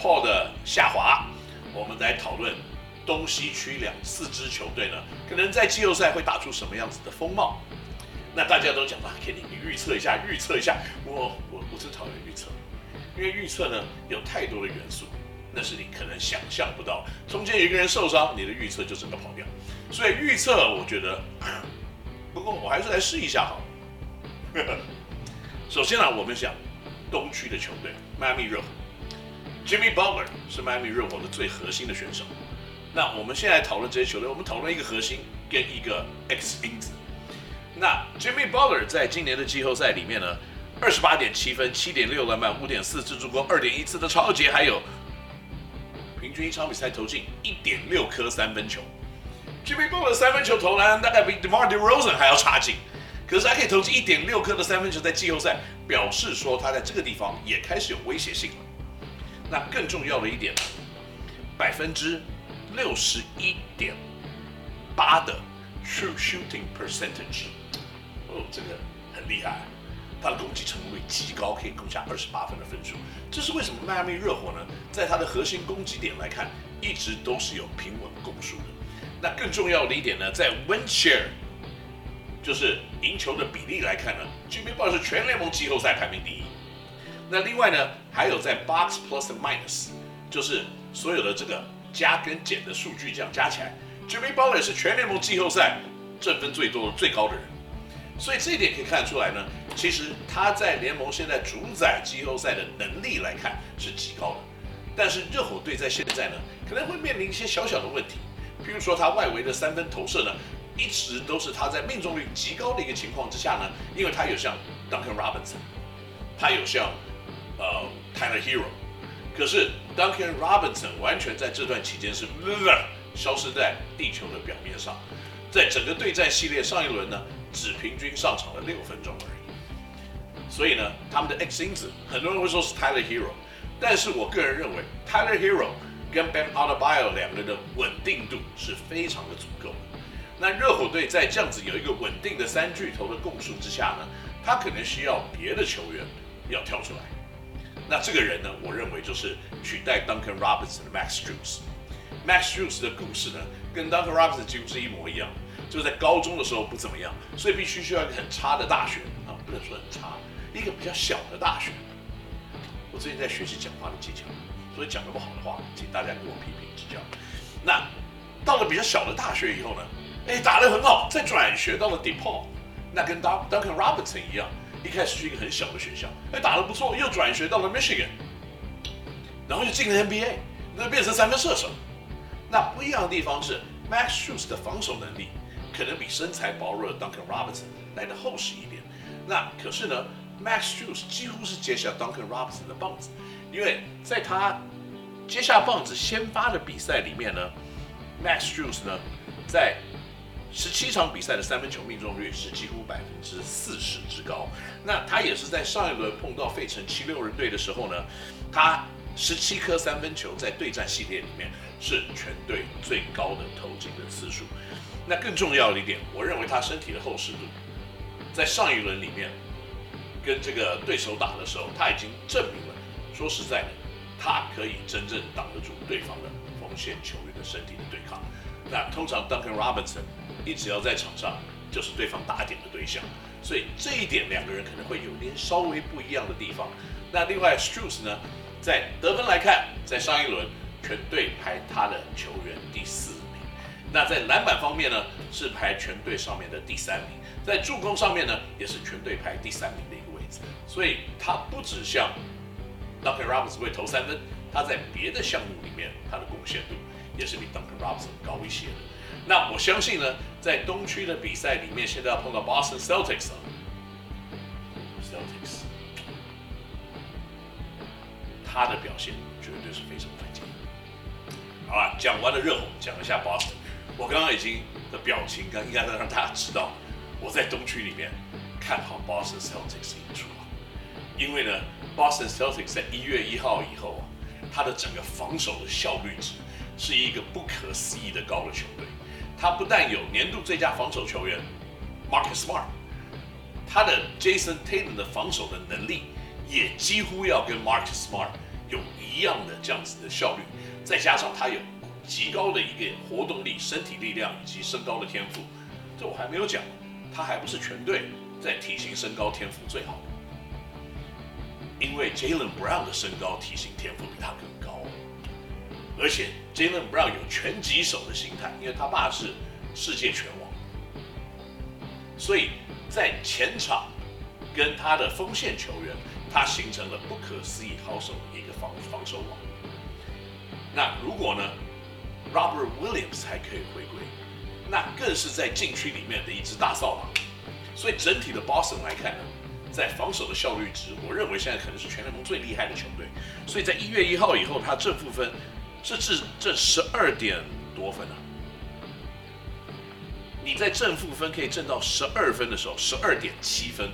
Paul 的下滑，我們來討論東西區兩四支球隊呢，可能在季後賽會打出什麼樣子的風貌？那大家都講到 Kenny 你預測一下，預測一下。我我不是討厭預測，因為預測呢有太多的元素，那是你可能想象不到。中間有一個人受傷，你的預測就整個跑掉。所以預測我覺得，不過我還是來試一下哈。首先呢、啊，我們想東區的球隊，Miami 熱火。Jimmy Butler 是邁阿密熱火的最核心的選手。那我們現在來討論這些球隊，我們討論一個核心跟一個 X 因子。那 Jimmy Butler 在今年的季後賽裡面呢，二十八點七分、七點六籃板、五點四次助攻、二點一次的抄截，還有平均一場比賽投進一點六顆三分球。Jimmy Butler 的三分球投籃大概比 DeMar DeRozan 還要差勁，可是他可以投進一點六顆的三分球，在季後賽表示說他在這個地方也開始有威脅性了。那更重要的一點，百分之六十一點八的 true shooting percentage，哦，這個很厲害啊，他的攻擊成功率極高，可以攻下二十八分的分數。這是為什麼邁阿密熱火呢，在它的核心攻擊點來看，一直都是有平穩攻速的。那更重要的一點呢，在 win share，就是贏球的比例來看呢，Jimmy Butler 是全聯盟季後賽排名第一。那另外呢？還有在 box plus minus，就是所有的這個加跟減的數據這樣加起來，Jimmy Butler 是全聯盟季後賽正分最多的、最高的人，所以這一點可以看得出來呢。其實他在聯盟現在主宰季後賽的能力來看是極高的，但是熱火隊在現在呢可能會面臨一些小小的問題，譬如說他外圍的三分投射呢，一直都是他在命中率極高的一個情況之下呢，因為他有像 Duncan Robinson，他有像呃。Tyler Hero，可是 Duncan Robinson 完全在這段期間是消失在地球的表面上，在整個對戰系列上一輪呢，只平均上場了六分鐘而已。所以呢，他們的 X 因子，很多人會說是 Tyler Hero，但是我個人認為 Tyler Hero 跟 Bam Adebayo 兩個的穩定度是非常的足夠。那熱火隊在這樣子有一個穩定的三巨頭的共速之下呢，他可能需要別的球員要跳出來。那這個人呢？我認為就是取代 Duncan Robinson 的 Max Strus Max Strus 的故事呢，跟 Duncan Robinson 幾乎是一模一樣。就在高中的時候不怎麼樣，所以必須需要一個很差的大學啊，不能說很差，一個比較小的大學。我最近在學習講話的技巧，所以講的不好的話，請大家給我批評指教。那到了比較小的大學以後呢，哎、欸，打得很好，再轉學到了 DePaul 那跟 Duncan Duncan Robinson 一樣。一開始是一個很小的學校，哎、欸，打得不錯，又轉學到了 Michigan，然後就進了 NBA，那變成三分射手。那不一樣的地方是，Max Strus 的防守能力可能比身材薄弱的 Duncan Robinson 來的厚實一點。那可是呢，Max Strus 幾乎是接下 Duncan Robinson 的棒子，因為在他接下棒子先發的比賽裡面呢，Max Strus 呢在。十七場比賽的三分球命中率是幾乎百分之四十之高。那他也是在上一輪碰到費城七六人隊的時候呢，他十七顆三分球在對戰系列裡面是全隊最高的投進的次數。那更重要的一點，我認為他身體的厚實度，在上一輪裡面跟這個對手打的時候，他已經證明了，說實在的，他可以真正擋得住對方的鋒線球員的身體的對抗。那通常 Duncan Robinson。你只要在場上，就是對方打點的對象，所以這一點兩個人可能會有點稍微不一樣的地方。那另外，Strus 呢，在得分來看，在上一輪全隊排他的球員第四名。那在籃板方面呢，是排全隊上面的第三名。在助攻上面呢，也是全隊排第三名的一個位置。所以他不只像 Duncan Robinson 會投三分，他在別的項目裡面他的貢獻度也是比 Duncan Robinson 高一些的。那我相信呢，在東區的比賽裡面，現在要碰到 Boston Celtics 啊，Celtics，他的表現絕對是非常關鍵。好了，講完了熱火，講一下 Boston。我剛剛已經的表情剛應該讓大家知道，我在東區裡面看好 Boston Celtics 贏出，因為呢，Boston Celtics 在一月一號以後啊，他的整個防守的效率值是一個不可思議的高的球隊。他不但有年度最佳防守球員 Marcus Smart，他的 Jason Tatum 的防守的能力也幾乎要跟 Marcus Smart 有一樣的這樣子的效率，再加上他有極高的一個活動力、身體力量以及身高的天賦，這我還沒有講，他還不是全隊在體型、身高、天賦最好的，因為 Jaylen Brown 的身高、體型、天賦比他更。而且，Jaylen Brown 有拳擊手的心態，因為他爸是世界拳王，所以在前場跟他的鋒線球員，他形成了不可思議好手的一個防防守網。那如果呢，Robert Williams 還可以回歸，那更是在禁區裡面的一隻大掃把。所以整體的 Boston 來看呢，在防守的效率值，我認為現在可能是全聯盟最厲害的球隊。所以在一月一號以後，他正負分。甚至這十二點多分啊，你在正負分可以掙到十二分的時候，十二點七分，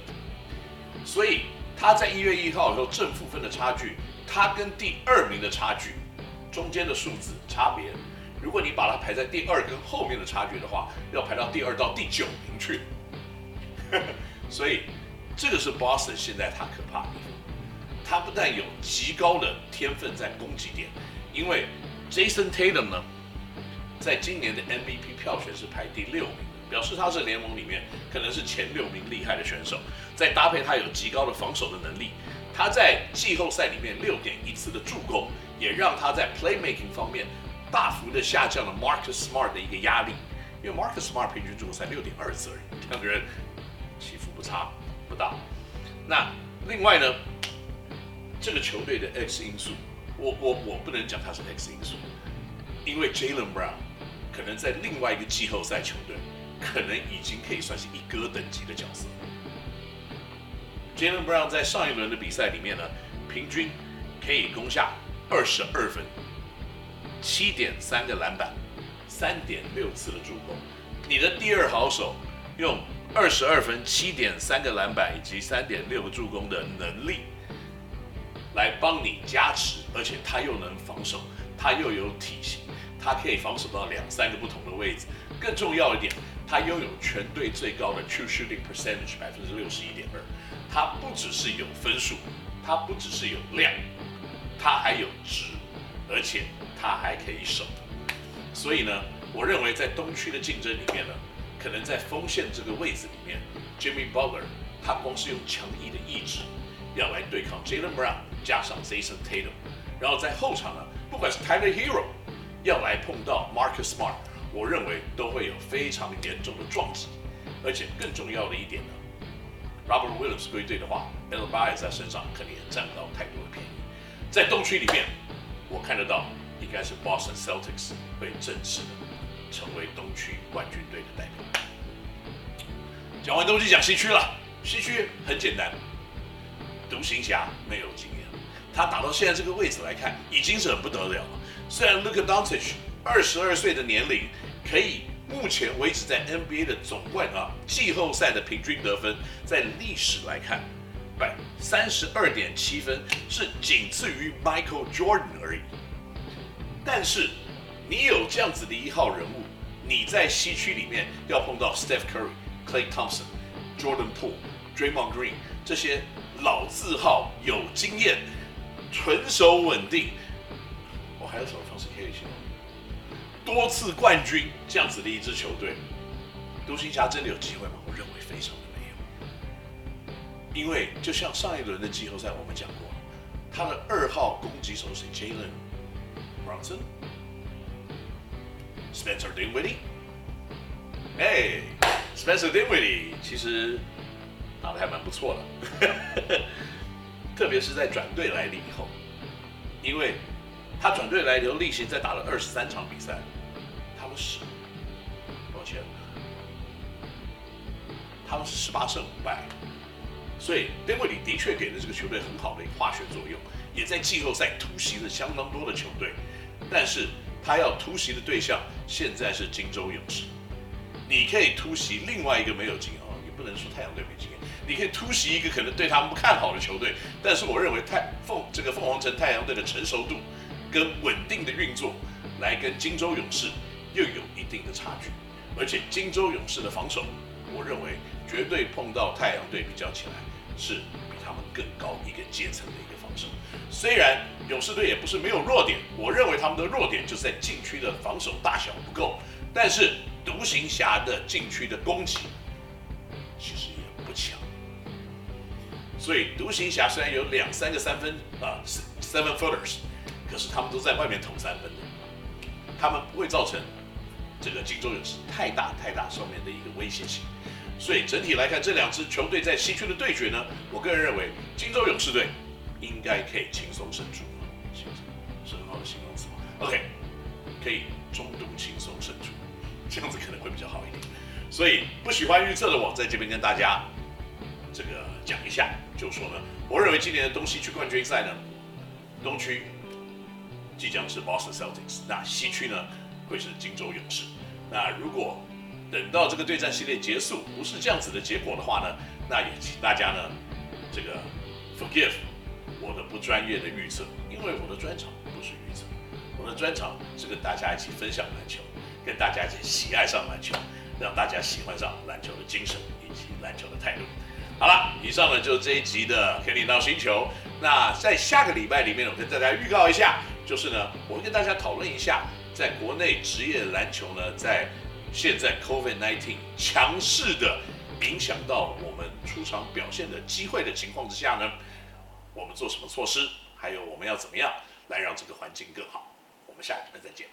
所以他在一月一號的時候，正負分的差距，他跟第二名的差距中間的數字差別，如果你把它排在第二跟後面的差距的話，要排到第二到第九名去，所以這個是 Boston 現在他可怕的，他不但有極高的天分在攻擊點。因為 Jason Tatum 呢，在今年的 MVP 票選是排第六名，表示他是聯盟裡面可能是前六名厲害的選手。再搭配他有極高的防守的能力，他在季後賽裡面六點一次的助攻，也讓他在 playmaking 方面大幅的下降了 Marcus Smart 的一個壓力，因為 Marcus Smart 平均助攻才六點二次而已，兩個人起伏不差不大。那另外呢，這個球隊的 X 因素，我我我不能講他是 X 因素，因為 Jaylen Brown 可能在另外一個季後賽球隊，可能已經可以算是一哥等級的角色。Jaylen Brown 在上一輪的比賽裡面呢，平均可以攻下二十二分、七點三個籃板、三點六次的助攻。你的第二好手用二十二分、七點三個籃板以及三點六個助攻的能力。來幫你加持，而且他又能防守，他又有體型，他可以防守到兩三個不同的位置。更重要一點，他擁有全隊最高的 true shooting percentage 百分之六十一點二。他不只是有分數，他不只是有量，他還有值，而且他還可以守。所以呢，我認為在東區的競爭裡面呢，可能在鋒線這個位置裡面，Jimmy Butler，他光是用強硬的意志。要來對抗 Jaylen Brown，加上 Jason Tatum，然後在後場呢，不管是 Tyler Hero，要來碰到 Marcus Smart，我認為都會有非常嚴重的撞擊。而且更重要的一點呢，Robert Williams 歸隊的話 l a b a 在身上肯定也占不到太多的便宜。在東區裡面，我看得到應該是 Boston Celtics 會正式的成為東區冠軍隊的代表。講完東區，講西區了。西區很簡單。獨行俠沒有經驗，他打到現在這個位置來看，已經是很不得了。雖然 Luka Dončić 二十二歲的年齡，可以目前為止在 NBA 的總冠啊，季後賽的平均得分，在歷史來看，百三十二點七分是僅次於 Michael Jordan 而已。但是你有這樣子的一號人物，你在西區裡面要碰到 Steph Curry、Klay Thompson、Jordan Poole、Draymond Green 這些。老字號有經驗，純手穩定。我、哦、還有什麼方式可以形容？多次冠軍這樣子的一支球隊，獨行俠真的有機會嗎？我認為非常的沒有，因為就像上一輪的季後賽我們講過，他的二號攻擊手是 Jalen Brunson、Spencer Dinwiddie、欸，哎，Spencer Dinwiddie 其實。打的還蠻不錯的 特別是在轉隊來臨以後，因為他轉隊來臨後，例行在打了二十三場比賽，他們是，抱歉，他們是十八勝五敗，所以丁威迪的確給了這個球隊很好的化學作用，也在季後賽突襲了相當多的球隊，但是他要突襲的對象現在是金州勇士，你可以突襲另外一個沒有金啊，也不能說太陽隊沒金。你可以突襲一個可能對他們不看好的球隊，但是我認為太鳳這個鳳凰城太陽隊的成熟度跟穩定的運作，來跟金州勇士又有一定的差距，而且金州勇士的防守，我認為絕對碰到太陽隊比較起來，是比他們更高一個階層的一個防守。雖然勇士隊也不是沒有弱點，我認為他們的弱點就是在禁區的防守大小不夠，但是獨行俠的禁區的攻擊。所以獨行俠雖然有兩三個三分啊、uh，三分 footers 可是他們都在外面投三分的，他們不會造成這個金州勇士太大太大上面的一個威脅性。所以整體來看，這兩支球隊在西區的對決呢，我個人認為金州勇士隊應該可以輕鬆勝出，輕鬆是很好的形容詞。OK 可以中度輕鬆勝出，這樣子可能會比較好一點。所以不喜歡預測的我在這邊跟大家。這個講一下，就說呢，我認為今年的東西區冠軍賽呢，東區即將是 Boston Celtics，那西區呢會是金州勇士。那如果等到這個對戰系列結束不是這樣子的結果的話呢，那也請大家呢這個 forgive 我的不專業的預測，因為我的專長不是預測，我的專長是跟大家一起分享籃球，跟大家一起喜愛上籃球，讓大家喜歡上籃球的精神以及籃球的態度。好了，以上呢就是這一集的《肯尼 NOW 星球》。那在下個禮拜裡面，我跟大家預告一下，就是呢，我會跟大家討論一下，在國內職業籃球呢，在現在 COVID-19 強勢的影響到我們出場表現的機會的情況之下呢，我們做什麼措施，還有我們要怎麼樣來讓這個環境更好。我們下個禮拜再見。